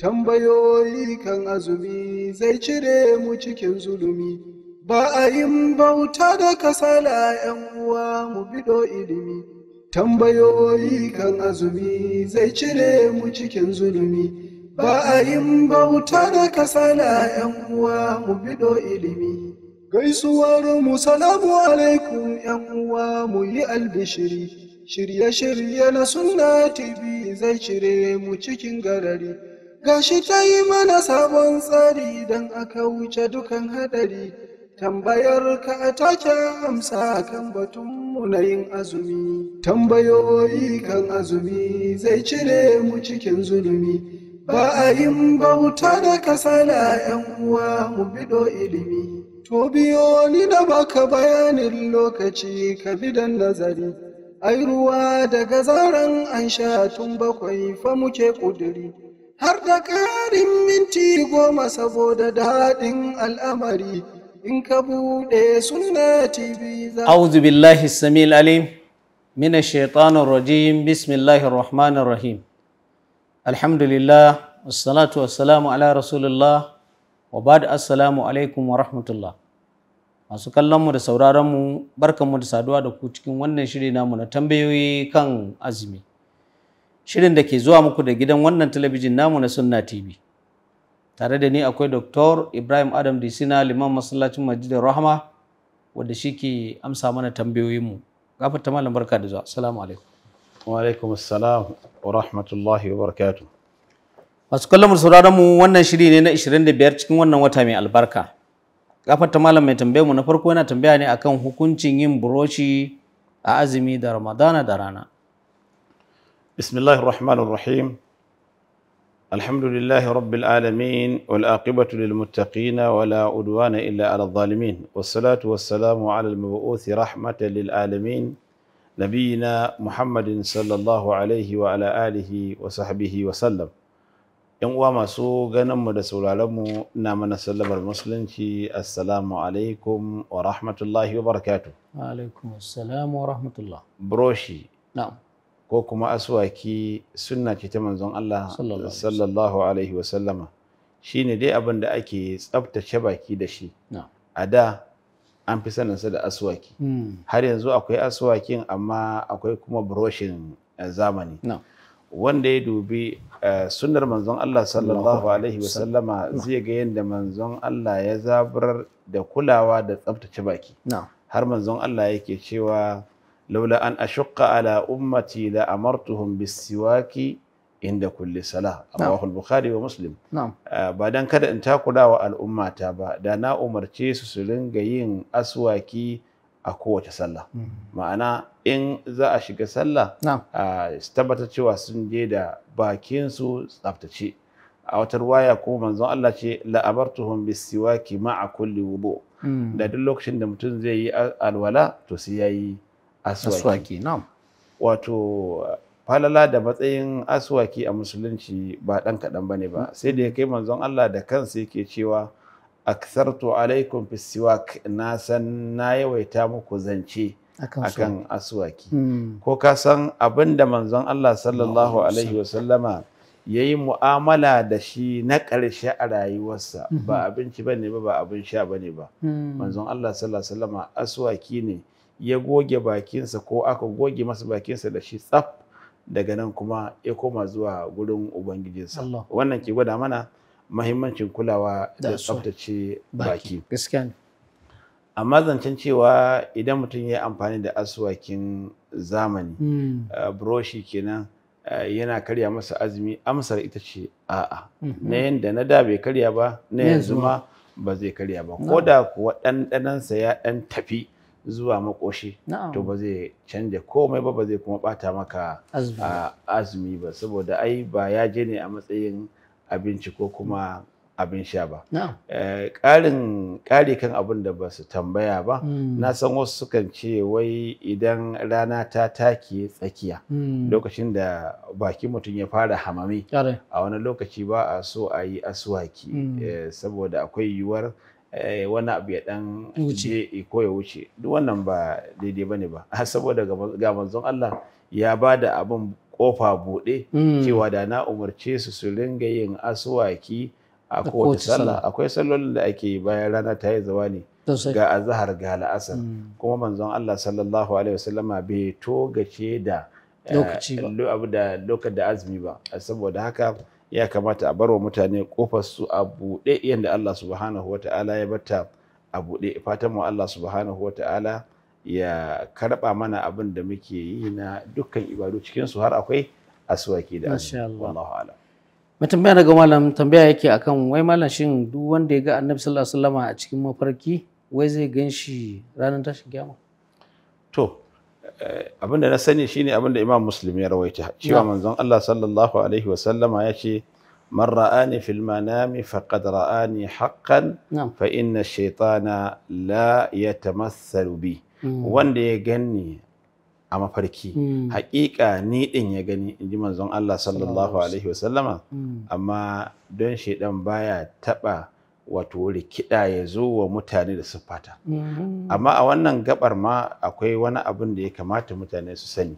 Tambayoyi kan azumi zai cire mu cikin zulumi, ba a yin bauta da kasala ‘yan uwa mu bido ilimi. Tambayoyi kan azumi zai cire mu cikin zulumi, ba a yin bauta da kasala ‘yan uwa mu bido ilimi. Gaisuwar mu salamu alaikum ‘yan uwa mu yi albishiri, shirye-shirye na sunna TV zai cire mu cikin gadari. gashi ta yi mana sabon tsari don aka wuce dukan hadari tambayar ka take amsa kan batunmu na yin azumi tambayoyi kan azumi zai cire mu cikin zulumi ba a yin bauta da kasala yan uwa mu bido ilimi to biyo ni na baka bayanin lokaci ka bidan nazari ai ruwa daga zaran an sha tun bakwai fa muke ƙudiri har da ƙarin minti goma saboda daɗin al'amari in ka buɗe suna TV za Auzu billahi samil alim mina shaitanir rajim bismillahir rahmanir rahim Alhamdulillah wassalatu wassalamu ala rasulillah wa da assalamu alaikum wa rahmatullah Masu kallon mu da sauraron mu barkanmu da saduwa da ku cikin wannan shiri namu na tambayoyi kan azumi shirin da ke zuwa muku da gidan wannan talabijin namu na Sunna TV. Tare da ni akwai Dr. Ibrahim Adam Disina liman masallacin Majidar Rahama wanda shi ke amsa mana tambayoyinmu. ta malam barka da zuwa. Assalamu alaikum. Wa alaikum assalam wa rahmatullahi wa barakatu Masu kallon mu mu wannan shiri ne na 25 cikin wannan wata mai albarka. ta malam mai tambayar mu na farko yana tambaya ne akan hukuncin yin buroshi a azumi da Ramadana da rana. بسم الله الرحمن الرحيم الحمد لله رب العالمين والآقبة للمتقين ولا أدوان إلا على الظالمين والصلاة والسلام على المبعوث رحمة للعالمين نبينا محمد صلى الله عليه وعلى آله وصحبه وسلم إن وما سوء نمو da sauraronmu na mana الله musulunci assalamu alaikum wa rahmatullahi wa barakatu alaikum assalam wa rahmatullah ko kuma aswaki sunna ce ta manzon Allah sallallahu alaihi wasallama shi ne dai abin da ake tsaftace baki da shi a da an fi saninsa da aswaki hmm. har yanzu akwai aswakin amma akwai kuma buroshin eh, zamani wanda ya dubi eh, sunnar manzon Allah sallallahu alaihi wasallama zai ga yadda manzon Allah ya zabar da kulawa da tsaftace baki har manzon Allah yake cewa laula an ashqa ala ummati la amartuhum bisiwaki inda kulli salah rawahu al-bukhari wa muslim ba dan kada in takura wa al'ummata ba da na umarce su su ringa yin aswaki a kowace sallah ma'ana in za a shiga sallah su tabbatar cewa sun je da bakinsu tsaftace a wata waya ko manzon Allah ce la'abartuhum bisiwaki ma'a kulli wudu da duk lokacin da mutum zai yi alwala to sai yayi aswaki wato falala da matsayin aswaki a musulunci ba dan kadan bane ba sai da ya kai manzon Allah da kansa yake cewa aksartu alaikum fi siwak na san na yawaita muku zance akan aswaki hmm. ko ka san abinda manzon Allah sallallahu alaihi wasallama ya yi mu'amala da shi na ƙarshe a rayuwarsa ba mhm. abinci ba ba ba abin sha ba ne ba hmm. manzon Allah sallallahu alaihi wasallama aswaki ne ya goge bakinsa ko aka goge masa bakinsa da shi tsaf daga nan kuma ya koma zuwa gurin ubangijinsa wannan ke gwada mana mahimmancin kulawa da tsaftace baki amma zancen cewa idan mutum ya amfani da aswakin zamani hmm. eh, buroshi kenan eh, yana karya masa azumi amsar ita ce a'a mhm. na yadda na da bai karya ba na yanzu ma ba zai karya ba ko da kuwa ɗanɗanansa ya ɗan tafi zuwa makoshi to ba zai canja komai ba ba zai kuma bata maka azumi ba saboda ai ba ya je ne a matsayin abinci ko kuma abin sha ba eh, ƙarin ƙari kan abin da ba su tambaya ba hmm. na san wasu sukan ce wai idan rana ta take tsakiya hmm. lokacin da baki mutum ya fara hamami a wani lokaci ba a so a yi asuwaki. Hmm. Eh, saboda akwai yiwuwar Eh, wani abu ya dan je ko ya wuce duk wannan ba daidai ba ne ba saboda ga manzon Allah ya ba da abin kofa buɗe mm. cewa da na umarce su su ringa yin asuwaki a kowace sallah akwai sallolin da ake bayan rana ta yi ne ga azhar ga la'asar mm. kuma manzon Allah sallallahu alaihi wasallama bai togace da lokaci eh, da azumi ba saboda haka ya kamata a barwa mutane kofar su a buɗe yadda Allah subhanahu wa ta'ala ya bata a buɗe fatan mu Allah subhanahu wa ta'ala ya karɓa mana abin da muke yi na dukkan ibadu cikin su har akwai aswaki da Allah mai tambaya daga malam tambaya yake akan wai malam shin duk wanda ya ga annabi sallallahu alaihi wasallama a cikin mafarki wai zai gan shi ranar tashin kiyama to Eh, abin da na sani shine abin da Imam Muslim ya rawaita cewa manzon Allah sallallahu alaihi wa sallama ya ce man ra'ani fil manami faqad ra'ani haqqan fa inna shaytana la yatamassalu bi mm. wanda ya ganni a mafarki mm. haƙiƙa ni ɗin ya gani in ji manzon Allah sallallahu alaihi wa sallama mm. amma don shaidan baya taɓa wato rikida ya zo wa mutane da siffata mm-hmm. amma a wannan gabar ma akwai wani abin da ya kamata mutane su sani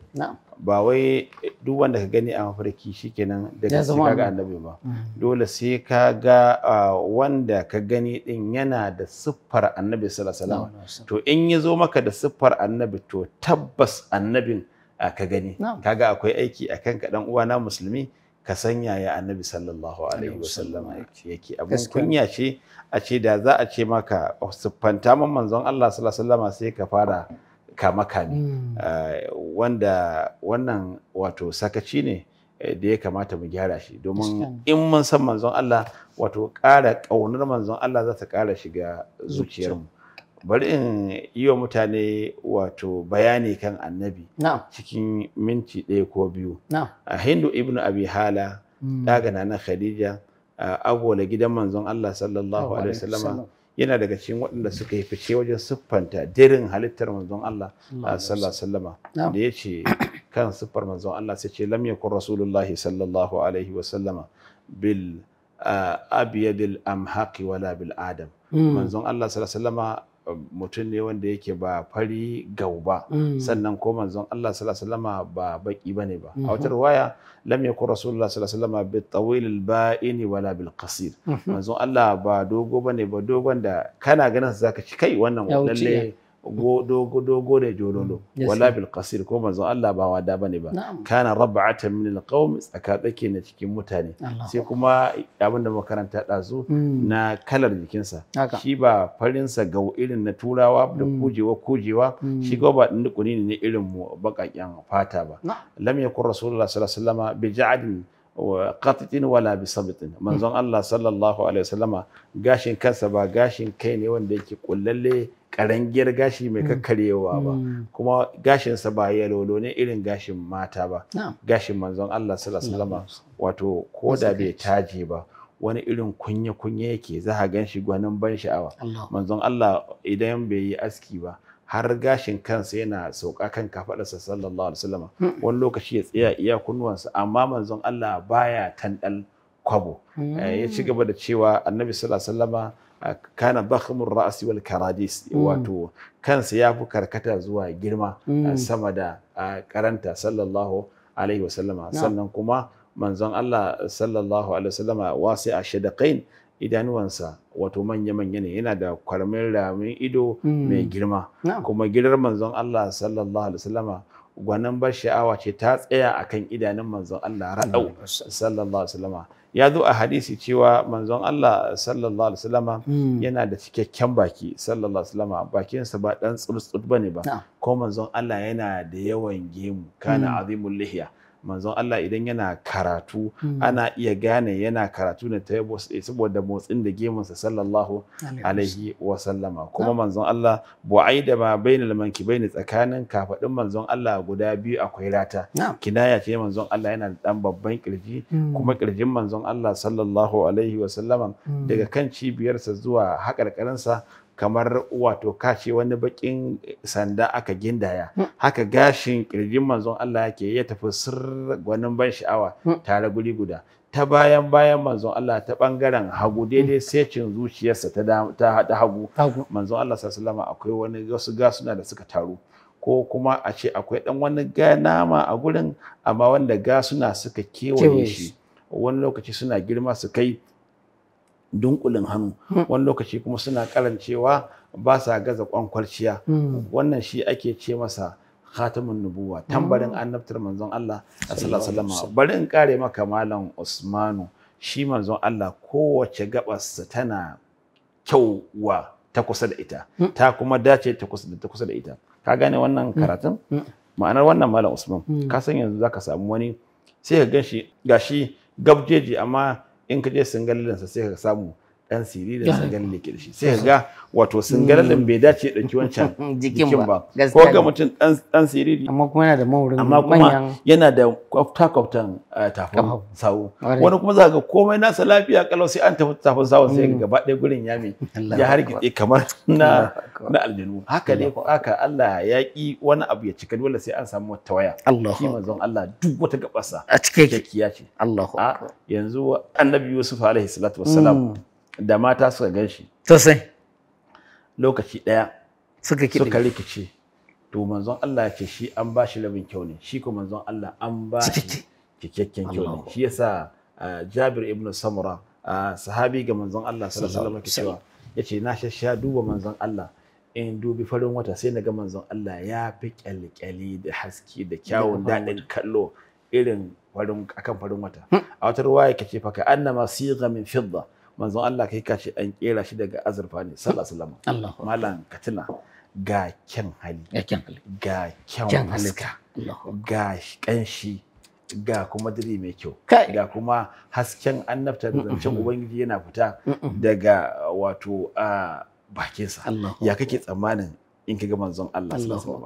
ba wai duk wanda ka gani a mafarki shikenan daga su ga annabi ba mm-hmm. dole sai ka ga wanda ka gani din yana da siffar annabi sallallahu to in ya zo maka da siffar annabi to tabbas annabin ka gani kaga akwai aiki akan ka dan uwa na musulmi ka yaya annabi sallallahu alaihi wasallam yake abin kunya ce a ce da za a ce maka oh, siffanta man manzon Allah sallallahu alaihi wasallam sai ka fara kama kame hmm. eh, wanda wannan wato sakaci ne eh, da ya kamata mu gyara shi domin in mun san manzon Allah wato ƙara ƙaunar manzon Allah za ta ƙara shiga zuciyarmu bari in yi wa mutane wato bayani kan annabi cikin minti ɗaya ko biyu a hindu Ibn abi hala daga hmm. na khadija agola gidan manzon allah sallallahu alaihi wasallam yana daga cikin waɗanda suka yi fice wajen siffanta dirin halittar manzon allah sallallahu alaihi wasallam da ya ce kan siffar manzon allah sai ce lam yakun rasulullahi sallallahu alaihi wasallam bil abiyadil amhaqi wala bil adam hmm. manzon allah sallallahu alaihi wasallam mutum ne wanda yake ba fari gau mm. sannan ko manzon Allah sallallahu alaihi ba baki bane ba a mm-hmm. wata riwaya lam yakun rasulullah sallallahu alaihi bi tawil al ba'ini wala bil qasir mm-hmm. manzon Allah ba dogo bane ba dogon da kana ganin zaka ci kai wannan lalle dogo da jololo wala bil qasir ko manzo Allah ba wada bane ba kana rab'atan min al qawm tsakadake na cikin mutane sai kuma abinda da makaranta dazu mm. na kalar jikinsa shi ba farin sa ga irin na turawa da mm. kujewa kujewa mm. shi ga ba din ne irin mu bakakken fata ba lam yakun rasulullah sallallahu alaihi wasallama bi ja'adin qatitin wala bi sabitin manzon Allah sallallahu alaihi wasallama gashin kansa ba gashin kai ne wanda yake kullalle karangiyar gashi mai kakkarewa ba kuma gashinsa ba yalolo ne irin gashin mata ba gashin manzon Allah sallallahu alaihi wasallama wato koda da bai taje ba wani irin kunya kunya yake za a gan shi gwanin ban sha'awa manzon Allah idan bai yi aski ba har gashin kansa yana sauka kan kafaɗarsa sallallahu alaihi wasallam hmm. wani lokaci ya tsaya iya kunnuwansa amma manzon Allah baya tandal kwabo hmm. eh, ya ci gaba da cewa annabi sallallahu alaihi wasallam ah, kana bakhmur ra'si wal karadis hmm. wato kansa ya fi karkata zuwa girma ah, sama da ah, karanta sallallahu alaihi wasallama sannan kuma manzon Allah sallallahu alaihi wasallama wasi a shidaqain idanuwansa wato manya-manya ne yana da kwarmin ramin ido hmm. mai girma kuma girar manzon Allah sallallahu alaihi wasallama gwanan bar sha'awa ce ta tsaya akan idanun manzon Allah raɗau sallallahu alaihi wasallama ya zo a hadisi cewa manzon Allah sallallahu alaihi wasallama hmm. yana da cikakken baki sallallahu alaihi wasallama bakinsa ba dan tsurtsut bane ba ko manzon Allah yana da yawan gemu kana hmm. azimul lihiya manzon Allah idan yana karatu hmm. ana iya gane yana karatu ne ta eh, saboda motsin da gemunsa sallallahu alaihi wa sallama ah. kuma manzon Allah bu'ai da ma bainal lamanki bain tsakanin kafaɗin manzon Allah guda biyu akwai rata kinaya ce manzon Allah yana da ɗan babban kirji hmm. kuma kirjin manzon Allah sallallahu alaihi wa sallama hmm. daga kan cibiyarsa zuwa haƙarƙarinsa kamar wato kace wani bakin sanda aka gindaya mm. haka gashin kirjin manzon Allah yake ya tafi sir gwanin ban sha'awa mm. tare guri guda ta bayan bayan manzon Allah ta bangaren hagu mm. daidai sai cin zuciyarsa ta ta hagu manzon Allah sallallahu akwai wani wasu gasuna da suka taru ko kuma a ce akwai dan wani ga nama a gurin amma wanda gasuna suka kewaye shi wani lokaci suna girma su kai dunkulin hannu hmm. wani lokaci kuma suna karancewa ba sa gaza kwankwalciya hmm. wannan shi ake ce masa khatamin nubuwa tambarin hmm. annabtar manzon Allah sallallahu bari in kare maka malam Usmanu shi manzon Allah kowace gabas tana kyauwa ta kusa da ita ta kuma dace ta kusa da ita ka gane wannan karatun ma'anar wannan malam Usman ka san yanzu zaka samu wani sai ka ganshi, gashi gabjeji amma in ka je sa sai ka samu dan siri da sangalin ne ke da shi sai ga wato mm. sangalin bai dace ya dauki wancan jikin ba ko ga mutum dan siri amma kuma yana da maurin amma kuma yana da kwafta kwaftan eh, tafin sawu wani kuma za ga komai nasa lafiya kalau sai an tafi tafin sawu sai mm. ga gaba ɗaya gurin ya mai ya hargitse kamar na na aljanu haka ne ko haka Allah ya ki wani abu ya cika dole sai an samu wata waya shi manzon Allah duk wata gabasa. a cikin yake ya ce Allahu yanzu annabi Yusuf alaihi salatu wassalam mm. da mata suka gan shi sosai lokaci ɗaya suka kiɗe suka rikice to manzon Allah ya ce shi an ba shi rabin kyau ne shi ko manzon Allah an ba shi cikakken kyau ne shi yasa Jabir ibn Samura sahabi ga manzon Allah sallallahu alaihi wasallam yace na sha duba manzon Allah in dubi farin wata sai na ga manzon Allah ya fi kyalkyali da haske da kyawun daɗin kallo irin akan farin wata hmm. a wata ruwaya kace "Faka faka annama sigha min fidda manzon Allah kai ka ce an kera shi daga azurfa ne sallallahu alaihi wasallam malam katina ga kyan hali ga kyan halitta ga kanshi ga kuma diri mai kyau ga kuma hasken annabta da zancen ubangiji yana fita daga wato a bakinsa ya kake tsammanin in kaga manzon Allah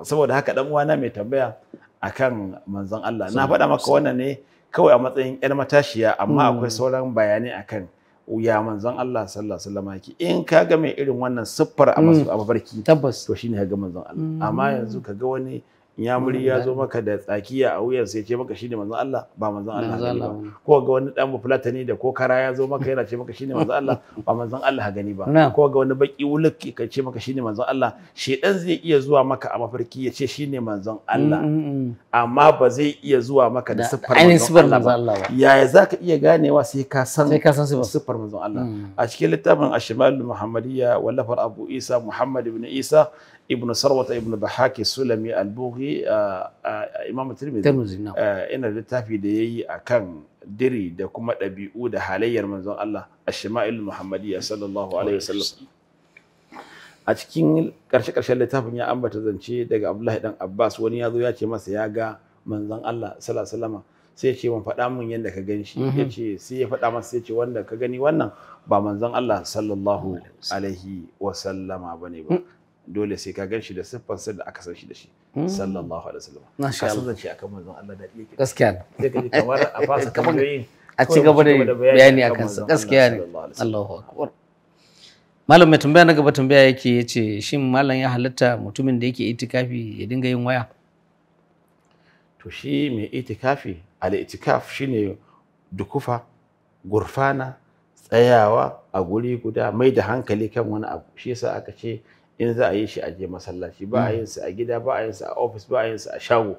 saboda haka dan uwana mai tambaya akan manzon Allah na faɗa maka wannan ne kawai a matsayin yar matashiya amma mm. akwai sauran bayanai akan ya manzon Allah sallallahu alaihi wasallam yake in ka ga mai irin wannan siffar a mm. mafarki tabbas to shine ka ga manzon Allah amma mm. yanzu ka ga wani muri ya zo maka da tsakiya a wuyan sai ce maka shine manzon Allah ba manzon Allah gani ba ko ga wani dan fulatani da ko kara ya zo maka yana ce maka shine manzon Allah ba manzon Allah gani ba ko ga wani baki wuluk ka ce maka shine manzon Allah shedan zai iya zuwa maka a mafarki ya ce shine manzon Allah mm, mm, mm. amma ba zai iya zuwa maka da siffar manzon Allah ba yaya zaka iya ganewa sai ka san sai ka san siffar manzon Allah a cikin littafin Ashmalul Muhammadiyya wallafar Abu Isa Muhammad ibn Isa ibn sarwata ibn bahaki sulami albuhi uh, uh, imam tirmidhi uh, ina littafi da yayi akan diri da kuma ɗabi'u da halayyar manzon Allah ash-shama'il muhammadiyya sallallahu alaihi wasallam a cikin karshe karshen littafin ya ambata zance daga Abdullahi dan Abbas wani ya zo ya ce masa ya ga manzon Allah sallallahu alaihi wasallam sai ya ce mun faɗa mun yadda ka gan shi mhm. ya ce sai ya faɗa masa ya ce wanda ka gani wannan ba manzon Allah sallallahu alaihi wasallama bane ba mm. dole sai ka ganshi da siffan sir da aka san shi da shi hmm. sallallahu alaihi wasallam masha Allah ce akan manzon Allah da yake gaskiya sai ka ji kamar a fasa a ci gaba da bayani akan sa gaskiya ne Allahu akbar malam mai tambaya na gaba tambaya yake yace shin malam ya halatta mutumin da yake itikafi ya dinga yin waya to shi mai itikafi al itikaf shine dukufa gurfana tsayawa a guri guda mai da hankali kan wani abu shi yasa aka ce in za a yi shi a je masallaci ba a mm. yin su a gida ba a yin su a ofis ba a yin su a shago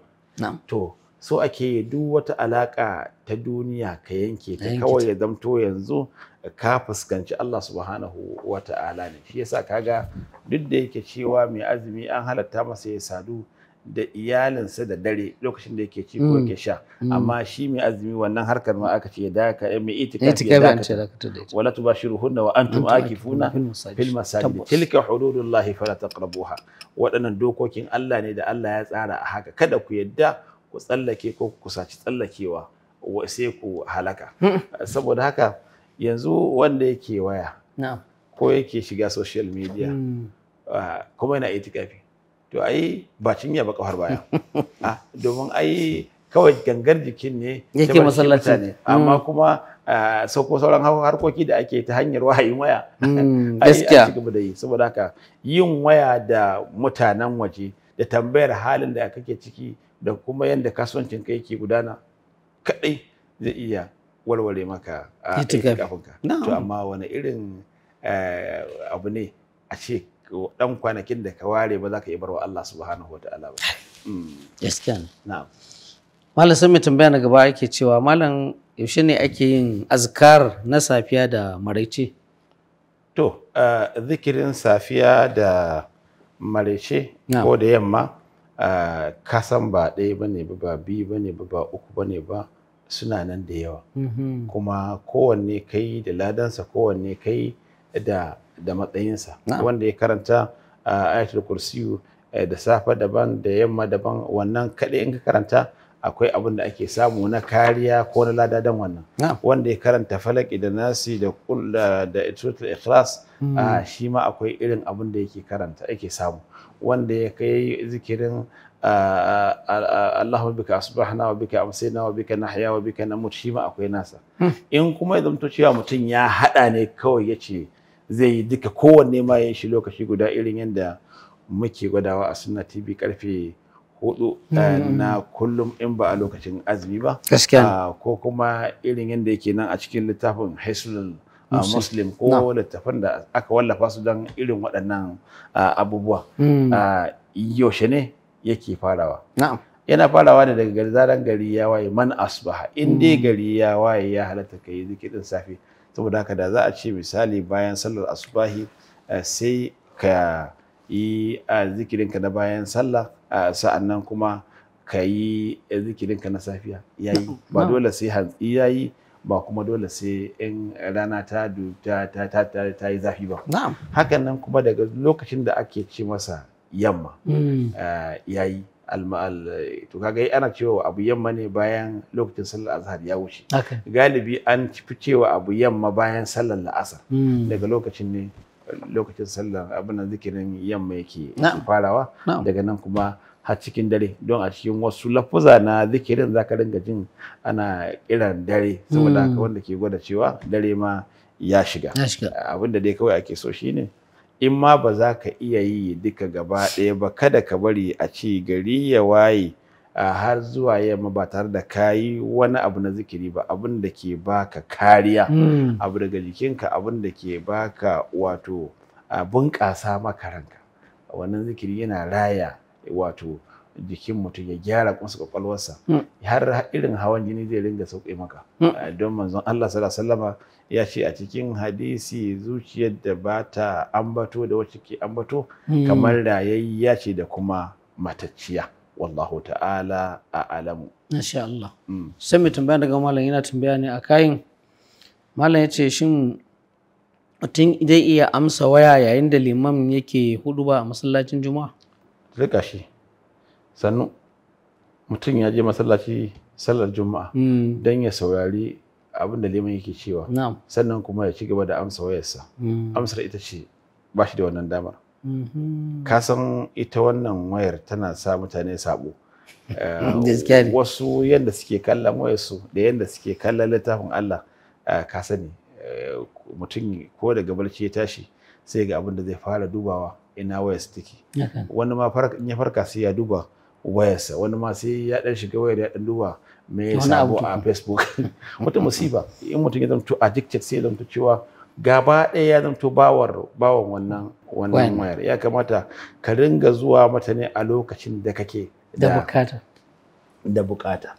to so ake yi duk wata alaka ta duniya ka yanke ta kawai ya zamto yanzu ka fuskanci Allah subhanahu wa ta'ala ne shi yasa kaga duk da yake cewa mai azumi an halatta masa ya sadu da iyalinsa da dare lokacin da yake ci ko mm. yake sha mm. amma shi mai azumi wannan harkar ma aka ce ya daka eh, ya mai itikafi ya daka wala hunna wa antum akifuna fil masajid tilka hududullahi fala taqrabuha waɗannan dokokin Allah ne da Allah ya tsara a haka kada ku yadda ku tsallake ko ku kusaci tsallakewa sai ku halaka mm. saboda haka yanzu wanda yake waya ko yake shiga social media ah, kuma yana itikafi to ai ba cinya ba kafar baya ah, domin ai kawai gangar jikin ne yake masallaci ne mm. amma kuma ah, sauko sauran harkoki da ake ta hanyar wahayin waya mm, gaskiya a da yi saboda haka yin waya da mutanen waje da tambayar halin da kake ciki da kuma yadda kasuwancin kai yake gudana kadai zai iya walwale maka a ah, kafinka to amma wani irin eh, abu ne a ce dan kwanakin da ka ware ba za ka iya barwa Allah subhanahu wataala ba gaskiya mm. na'am malam sai mutum tambaya gaba yake cewa malam yaushe ne ake yin azkar na safiya da maraice to zikirin safiya da maraice ko da yamma ka san ba ɗaya ba ne ba ba biyu ba ne ba ba uku ba ne ba suna nan da yawa mm-hmm. kuma kowanne kai da ladansa kowanne kai da da matsayinsa wanda ya karanta ayatul kursiyu eh, da safe daban da yamma daban wannan kaɗai in ka karanta akwai abin da ake samu na kariya ko na lada dan wannan wanda ya karanta Falak, da nasi da kulla da ikhlas hmm. shi ma akwai irin abin da yake karanta yake samu wanda ya kai zikirin Allahumma bika asbahna wa bika amsayna wa bika nahya wa bika namut shi ma akwai nasa hmm. in kuma ya zanto cewa mutum ya hada ne kawai yace zai yi duka kowanne ma ya shi lokaci guda irin yadda muke gwadawa a suna tv karfe hudu eh, mm-hmm. na kullum in ba a lokacin azumi ba ah, ko kuma irin yadda yake nan a cikin littafin haisulun ah, muslim ko littafin da aka wallafa su don irin waɗannan ah, abubuwa mm. yaushe ne yake farawa yana farawa ne daga zaren gari ya waye man asbaha in dai mm. gari ya waye ya halatta ka yi zikirin safe saboda haka da za a ce misali bayan sallar asubahi eh, sai ka yi eh, zikirinka na bayan sallah eh, nan kuma ka yi zikirinka na safiya yayi ba dole sai hantsi yayi ba kuma dole sai in rana ta ta yi zafi ba hakan nan kuma daga lokacin da ake ce masa yamma mm. yayi to kaga ana cewa abu yamma ne bayan lokacin sallar azhar ya wuce galibi an fi cewa abu yamma bayan sallar la'asar hmm. daga lokacin ne lokacin sallar abin da zikirin yamma yake farawa daga nan kuma har cikin dare don a cikin wasu lafuza na zikirin zaka dinga jin ana kiran dare saboda hmm. wanda ke gwada cewa dare ma ya shiga abin da dai kawai ake so shine in ma ba za ka iya yi duka gaba ɗaya ba kada ka bari a ci gari ya waye a har zuwa yamma ba tare da ka yi wani abu na zikiri ba abin da ke baka kariya hmm. abu daga jikinka abin da ke baka wato bunƙasa maka ranka wannan zikiri yana raya wato jikin mutum ya gyara kunsa kwakwalwarsa hmm. har irin hawan jini zai ringa sauƙi maka hmm. don manzon Allah sallallahu alaihi wasallam ya ce a cikin hadisi zuciyar da ba ta ambato da wacce ke ambato hmm. kamar rayayya ce da kuma matacciya wallahu ta'ala a alamu insha Allah sai mai tambaya daga malam yana tambaya ne a kayan malam ya ce shin mutum zai iya amsa waya yayin da liman yake huduba a masallacin juma'a rika shi sannu mutum ya je masallaci sallar juma'a hmm. don ya saurari abin da liman yake cewa sannan kuma ya ci gaba da amsa wayarsa hmm. amsar ita ce ba shi da wannan damar mhm. ka san ita wannan wayar tana sa mutane sabo eh, wasu yadda suke kallon wayarsu da yadda suke kallon littafin Allah eh, ka sani eh, mutum ko daga barci ya tashi sai ga abin da zai fara dubawa ina wayarsa take wani ma in ya farka sai ya duba wayarsa wani ma sai ya dan shiga wayar ya dan duba me ya sabo a facebook wata musiba in mutum ya zanto addicted sai ya zamto cewa gaba ɗaya ya zanto bawar bawan wannan wannan wayar ya kamata ka ringa zuwa mata ne a lokacin da kake da bukata da bukata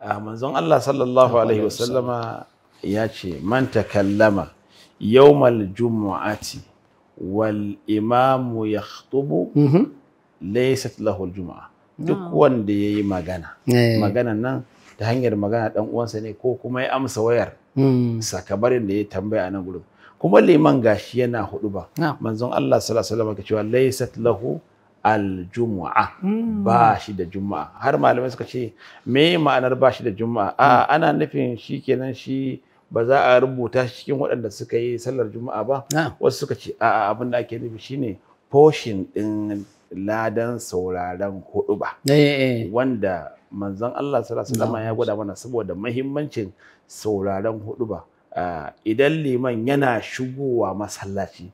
ah, manzon Allah sallallahu alaihi wasallama ya ce man takallama yawmal jumu'ati wal imamu yakhtubu mhm. laysat lahu al jumu'ah duk wanda ya yi magana eh. magana nan ta hanyar magana dan uwansa ne ko kuma ya amsa wayar hmm. sakabarin da ya tambaya a nan gurin kuma liman gashi yana hudu ba ah. manzon Allah sallallahu alaihi wasallam cewa laysat lahu aljumu'a hmm. ba shi da juma'a har malamai suka ce me ma'anar ba shi da juma'a a hmm. ana nufin shi kenan shi ba za a rubuta shi cikin waɗanda suka yi sallar juma'a ba ah. wasu suka ce a abin da ake nufi shine portion din ladan sauraren hudu ba eh, eh, eh. wanda manzon Allah sallallahu ya gwada mana saboda mahimmancin sauraren hudu ba ah, idan liman yana shigowa masallaci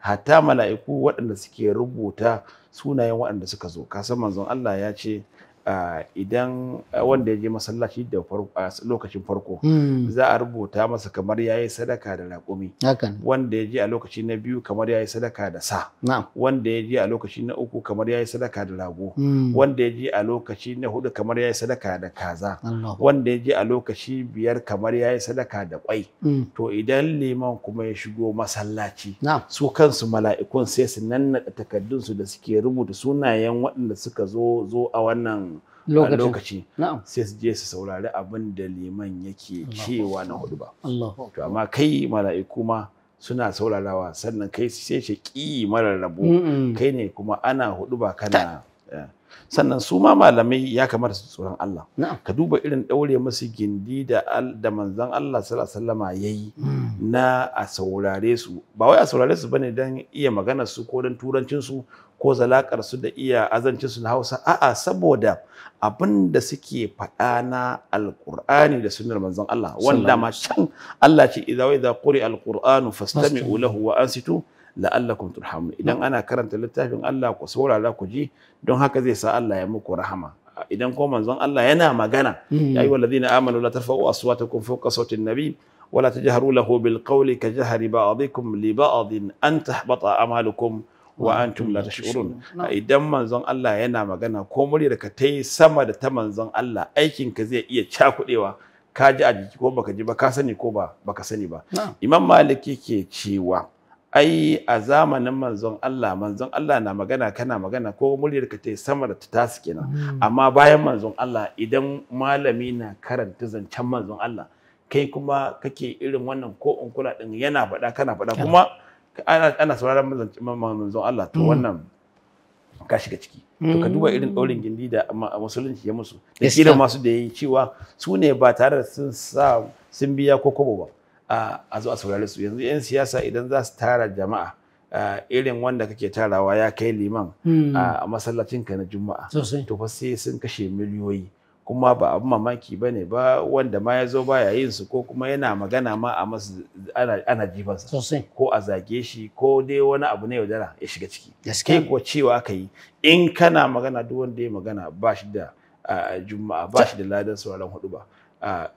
hatta mala'iku waɗanda suke rubuta sunayen waɗanda suka zo kasan manzon Allah ya ce idan wanda ya je masallaci da lokacin farko hmm. za a rubuta masa kamar ya yi sadaka da raƙumi wanda ya je a lokaci na biyu kamar ya yi sadaka da sa wanda ya je a lokaci na uku kamar ya yi sadaka da rago hmm. wanda ya je a lokaci na hudu kamar ya yi sadaka da kaza wanda ya je a lokaci biyar kamar ya yi sadaka da kwai hmm. to idan liman kuma ya shigo masallaci su kansu mala'ikun sai su nannaɗa takardunsu da suke rubuta sunayen waɗanda suka zo zo a wannan lokaci sai su je su saurari abin da liman yake cewa na hudu ba to amma kai mala'iku ma suna saurarawa sannan kai sai ki marar rabo kai ne kuma ana hudu ba kana eh. sannan su ma malamai ya kamata su tsoron Allah ka duba irin daure masu gindi da da manzon Allah sallallahu alaihi wasallama yayi hmm. na a saurare su ba wai a saurare su bane dan iya magana su ko dan turancin su ko zalakar su da iya azancin su na Hausa a'a saboda abinda suke faɗa na alqur'ani da sunnar manzon Allah wanda ma can Allah ce idza wa idza quri alqur'anu fastami'u lahu wa ansitu la'allakum turhamun idan ana karanta littafin Allah ku saurara ku ji don haka zai sa Allah ya muku rahama idan ko manzon Allah yana magana hmm. ya ayyuhal ladina amanu la tarfa'u aswatakum fawqa sawti lahu nabi qawli ka jahri ba'dikum li بعضكم an tahbata amalukum wa antum la tash'urun idan manzon Allah yana magana ko muryar ka tayi sama da ta manzon Allah aikin ka zai iya cakudewa ka ji a jiki ko baka ji ba ka sani ko ba baka sani ba imam malik yake cewa ai a zamanin manzon Allah manzon Allah na magana kana magana ko muryar ka tai sama da ta su kenan mm. amma bayan manzon Allah idan malami na karanta zancen manzon Allah kai kuma kake irin wannan ko in kula din yana faɗa kana faɗa kuma ana sauraron manzon Allah to mm. wannan ka shiga ciki to ka duba irin mm. ɗaurin gindi da musulunci ya musu da masu da yayi cewa su ne ba tare da sun sa sun biya ko kobo ba a zo a su yanzu 'yan siyasa idan za su tara jama'a irin wanda kake tarawa ya kai liman hmm. a masallacinka na juma'a to fa sai sun kashe miliyoyi kuma ba abin mamaki ba ne ba wanda ma ya zo ba ya yin su ko kuma yana magana ma a masu ana jifansa ko a zage shi ko dai wani abu na yaudara ya shiga ciki Gaske ko cewa ka yi in kana magana duk wanda ya magana ba shi da juma'a ba shi da ladan sauran hudu ba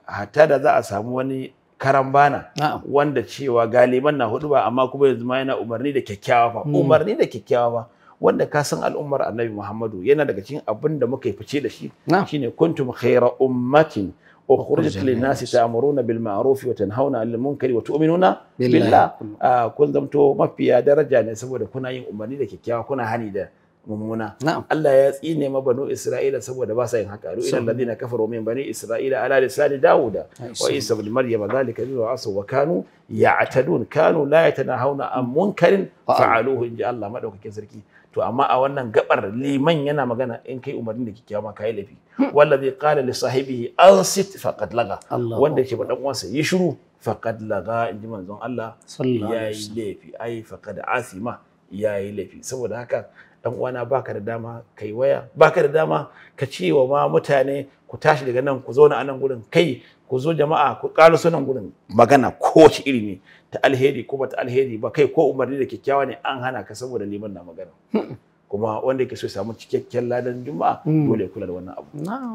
hatta da za a samu wani karambana wanda cewa galiban na hudu ba amma kuma yanzu ma yana umarni da kyakkyawa fa hmm. umarni da kyakkyawa ba wanda ka san al'ummar annabi Muhammadu yana daga cikin abin da muka yi fice da shi shine kuntum khaira ummatin ukhrijat lin nasi ta'muruna bil ma'ruf wa tanhauna 'anil munkari wa tu'minuna billah ah, kun zamto mafiya daraja ne saboda kuna yin umarni da kyakkyawa kuna hani da mummuna Allah ya tsine ma banu Isra'ila saboda ba sa yin haka ru ilal ladina kafaru min bani Isra'ila ala lisani Dawuda wa Isa ibn Maryam zalika bi wa'asu wa kanu ya'tadun kanu la na an munkarin fa'aluhu inji Allah madaukakin sarki to amma a wannan gabar liman yana magana in kai umarni da kikkiawa ma kai lafi hmm. wallazi qala li sahibihi ansit faqad laga wanda ke ba dan uwansa yi shiru faqad laga inji manzon Allah ya yi lafi ai faqad asima ya yi laifi saboda haka dan uwana baka da dama kai waya baka da dama ka ce wa ma mutane ku tashi daga nan ku zauna a nan gurin kai ku zo jama'a ku ƙaro sunan gurin magana kowace iri ne ta alheri ko ta alheri ba kai ko umarni da kyakkyawa ne an hana ka saboda liman na magana hmm. kuma wanda yake so ya samu cikakken ladan juma'a hmm. dole ya kula da wannan abu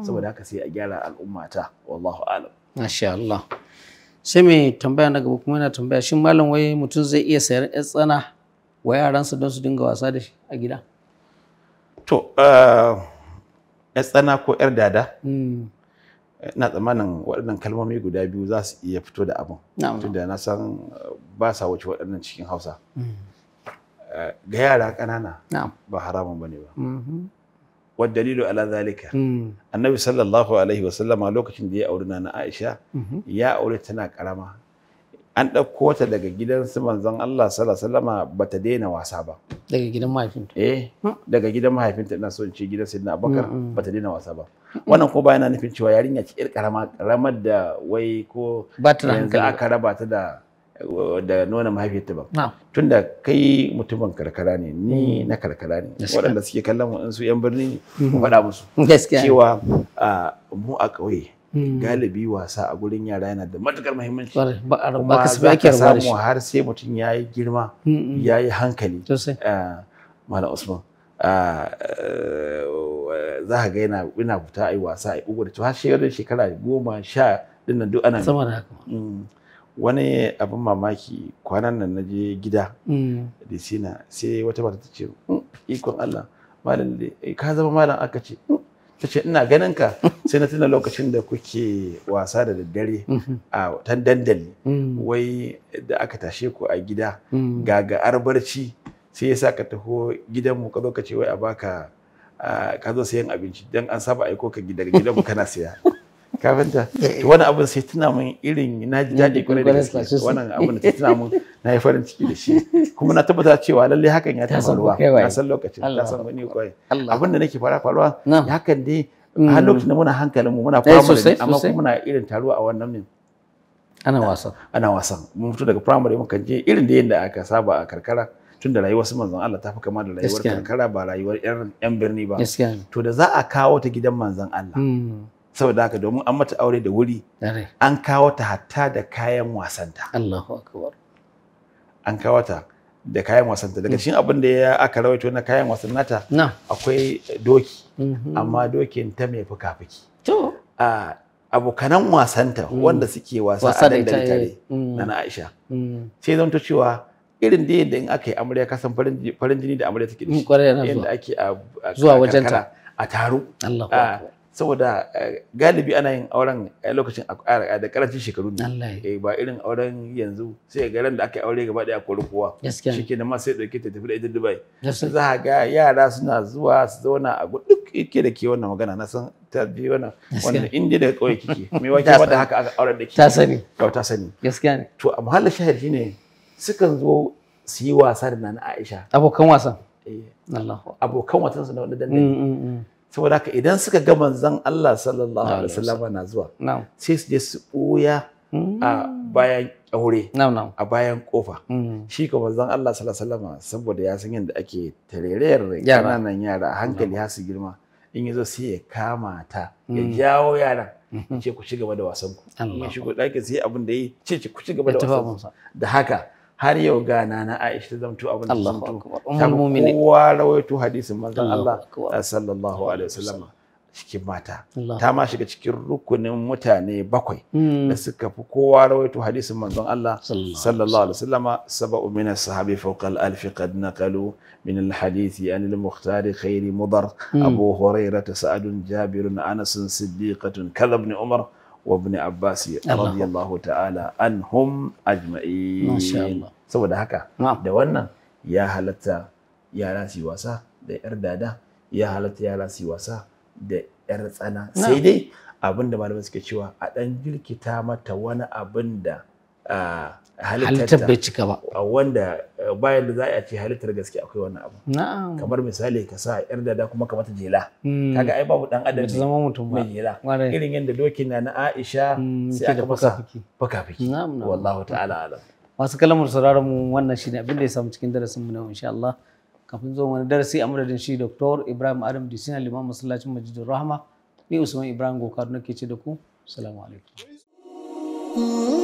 saboda haka sai a gyara al'umma ta wallahu alam masha Allah sai mai tambaya na gaba kuma yana tambaya shin mallam wai mutum zai iya sayar tsana wa yaransa don su dinga wasa da shi a gida To, eh, ‘yar tsana ko ‘yar dada? Hmm. na tsammanin waɗannan kalmomi guda biyu za su iya fito da abin. Tunda na san eh, ba sa wuce waɗannan cikin Hausa. Hmm. Eh, ga yara ƙanana ba haramun ba ne mm-hmm. ba. dalilu ala zalika. Hmm. Annabi sallallahu Alaihi wasallama lokacin da ya auri na Aisha mm-hmm. ya aure tana karama An ɗauko ta daga gidansu manzon Allah sallallahu Alaihi wasallama ba ta daina wasa ba. daga gidan mahaifinta eh hmm. daga gidan mahaifinta ina son in ce gidan sayyidina abubakar hmm, hmm. bata daina wasa ba wannan ko yana nufin cewa yarinya ce yar karama karamar da wai ko yanzu aka raba ta da da nuna mahaifiyarta ba tunda kai mutumin karkara ne ni na karkara ne waɗanda suke kallon mu su yan birni ne mu faɗa musu cewa ah, mu a ƙauye Hmm. galibi wasa a gurin yara yana da matukar muhimmanci Ba kuma ake rubar shi har sai mutum ya yi girma hmm, hmm. ya yi hankali ah, mana usman ah, eh, za ka ga yana yana fita a yi wasa a yi ugu da to har shekarar shekara goma sha dinnan duk ana sama da haka wani abin mamaki kwanan nan na je gida da sina sai wata mata ta ce ikon Allah malam eh, ka zama malam aka ce ta ce ina ganin ka sai na tuna lokacin da kuke wasa da daddare mm-hmm. a watan dandali mm-hmm. wai da aka tashe ku a gida ga mm-hmm. ga arbarci sai ya sa ka taho gidanmu ka zo ka ce wai a baka ka zo sayan abinci dan an saba aiko ka gidan gidanmu kana siya ka fanta to eh, eh. wani abin sai tuna mun irin na ji daɗi kwarai da gaske wannan abin sai tuna mun na yi farin ciki da shi kuma na tabbata cewa lallai hakan ya taɓa ruwa na san lokacin na san wani kwai abin da nake fara faruwa hakan dai mm. a lokacin da muna hankalinmu muna eh, primary amma kuma muna irin taruwa a wannan ne ana wasan ana wasan mun fito daga primary mun je irin da yadda aka saba a karkara tun da rayuwar su manzon Allah ta fi kama da rayuwar karkara ba rayuwar yan birni ba to da za a kawo ta gidan manzon Allah mm. saboda haka domin an mata aure da wuri an kawo ta hatta da kayan wasanta Allahu akbar an kawo ta da kayan wasanta daga mm. cikin abin da ya aka rawaito na kayan wasan nata akwai doki mm-hmm. amma dokin ta mai fuka-fuki to a abokanan wasanta mm. wanda suke wasa a dandali tare na eh, mm. na Aisha sai zanto cewa irin da yadda in aka yi amarya kasan farin jini da amarya take da shi yadda ake a zuwa a taro saboda eh, galibi ana yin auren eh, a lokacin da karancin shekaru ne eh, ba irin auren yanzu sai ga ran da aka aure gaba daya kori shi ke da ma sai dauke ta tafi da ita Dubai sai za ga yara suna zuwa su zauna a gudu duk yake da ke wannan magana na san ta biyu wannan wannan inda da kawai kike me wake ba da haka aka auren da ke ta sani to ta sani gaskiya ne to a mahallin shahid shine sukan zo su yi wasa da Nana Aisha abokan wasan abokan wasan su na wannan mm, dandali mm, mm. saboda haka idan suka ga manzon Allah sallallahu alaihi wasallam na zuwa sai su je su boya hmm. a bayan aure a bayan kofa hmm. shi ka manzon Allah sallallahu alaihi wasallam saboda ya san yadda ake tarerayar kananan yara a hankali har su girma in yazo sai ya kama ta ya hmm. jawo yaran ce ku ci gaba da wasan ku in shigo ɗakin sai abin da yi ce ku ci gaba da wasan da haka har yau gana na Aisha zamto abin da zamto kowa rawaito hadisin manzon Allah sallallahu alaihi wasallam cikin mata ta ma shiga cikin rukunin mutane bakwai hmm. da suka fi kowa rawaito hadisin manzon Allah sallallahu alaihi wasallam sab'u min as-sahabi fawqa al-alf qad naqalu من الحديث عن يعني المختار خير مضر أبو هريرة سعد جابر أنس صديقة كذا ابن umar. wa Ibn Abbas radiyallahu ta'ala anhum ajma'in masha Allah saboda haka da wannan ya halatta ya rasi wasa da yar dada ya halatta yara suyi wasa da yar tsana sai dai abinda malaman suke cewa a ɗan girkita mata wani abinda halittar bai cika ba wanda eh, bayan da za a ce halittar gaske akwai wani abu kamar misali ka sa yar dada kuma ka mata jela hmm. kaga ai babu dan adam ne. zama mutum ba jela irin yadda dokin na Aisha hmm, sai aka baka fakafiki wallahu ta'ala alam masu kalmar sauraron mu wannan shine abin da ya samu cikin darasin mu na insha Allah kafin zo wani darasi a madadin shi Dr. Ibrahim Adam Disina limamin masallacin Majidur Rahma ni Usman Ibrahim Gokar nake ce da ku assalamu alaikum hmm.